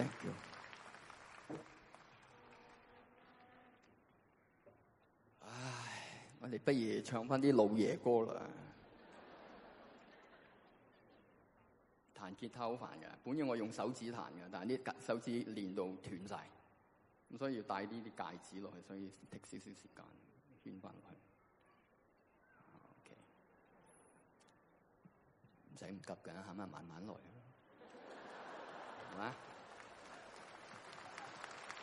Thank you. 唉，我哋不如唱翻啲老嘢歌啦！彈吉他好煩噶，本應我用手指彈噶，但係啲手指練到斷晒，咁所以要帶啲啲戒指落去，所以 take 少少時間圈翻落去。唔使唔急噶，咁咪慢慢來，係嘛？